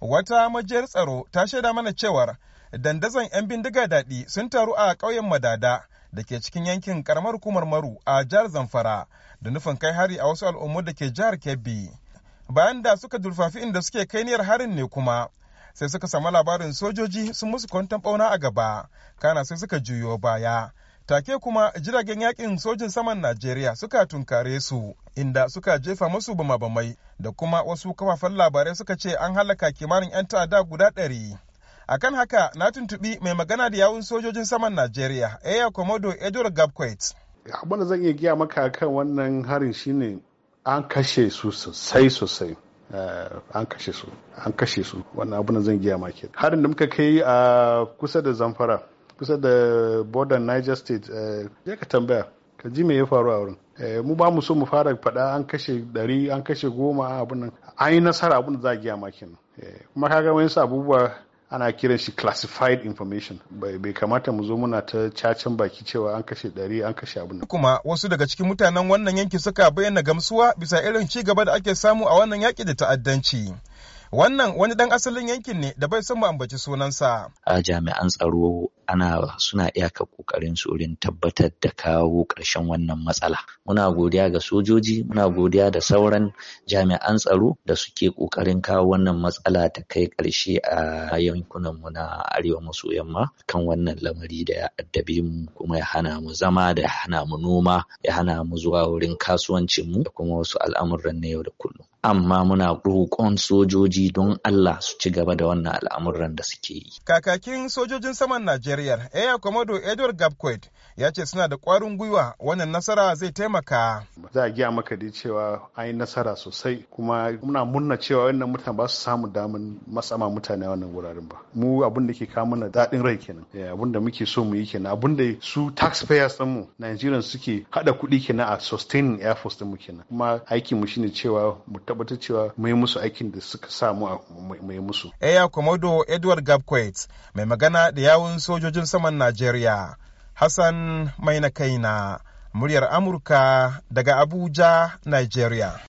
Wata majiyar tsaro ta shaida mana cewar dandazon 'yan bindiga daɗi sun taru a ƙauyen Madada da ke cikin yankin ƙaramar hukumar Maru a jihar Zamfara da nufin kai hari a wasu al'ummu da ke jihar Kebbi. Bayan da suka durfafi inda suke kai niyyar harin ne kuma sai suka samu labarin sojoji sun musu kwantan ɓauna a gaba kana sai suka juyo baya take kuma jiragen yakin sojin saman najeriya suka tunkare su inda suka jefa musu bama-bamai da kuma wasu kafafen labarai suka ce an halaka kimanin 'yan ta'adda guda ɗari akan haka na tuntuɓi mai magana da yawun sojojin saman najeriya air komodo edward gabquet abin da zan iya giya maka kan wannan harin shine an kashe su sosai sosai eh, an kashe su an kashe su wannan abin da zan giya maka harin da muka kai a kusa da zamfara kusa da border niger state ya eh, ka tambaya ka ji me ya faru a wurin eh, mu ba mu so mu fara faɗa an kashe ɗari an kashe goma a abin nan an yi nasara abin da za a giya makin kenan eh, kuma kaga wani abubuwa ana kiran shi classified information bai kamata mu zo muna ta cacin baki cewa an kashe ɗari an kashe abin kuma wasu daga cikin mutanen wannan yankin suka bayyana gamsuwa bisa irin ci gaba da ake samu a wannan yaƙi da ta'addanci wannan wani dan asalin yankin ne da bai san mu ambaci sunansa a jami'an tsaro ana suna iyaka ƙoƙarin su wurin tabbatar da kawo ƙarshen wannan matsala. Muna godiya ga sojoji, muna godiya da sauran jami'an tsaro da suke ƙoƙarin kawo wannan matsala ta kai ƙarshe a yankunanmu na arewa maso yamma kan wannan lamari da ya addabe mu kuma ya hana mu zama da ya hana mu noma ya hana mu zuwa wurin kasuwancin mu da kuma wasu al'amuran na yau da kullum. amma muna roƙon sojoji don Allah su ci gaba da wannan al'amuran da suke yi. Kakakin sojojin saman Najeriya, Air Commodore Edward Gabquet ya ce suna da kwarin gwiwa wannan nasara zai taimaka za a gaya maka dai cewa an yi nasara sosai kuma muna murna cewa wannan mutane ba su samu daman matsama mutane wannan wuraren ba mu abin da ke kawo mana daɗin rai kenan eh, abin da muke so mu yi kenan abin da su taxpayers din mu Nigerian suke hada kuɗi kenan a sustain air force din mu kenan kuma aikin mu shine cewa mu tabbatar cewa mu yi musu aikin da suka samu mu yi musu Eya Komodo Edward Gabquet mai magana da yawun sojojin saman Najeriya Hassan Mainakaina, muryar Amurka daga Abuja, Nigeria.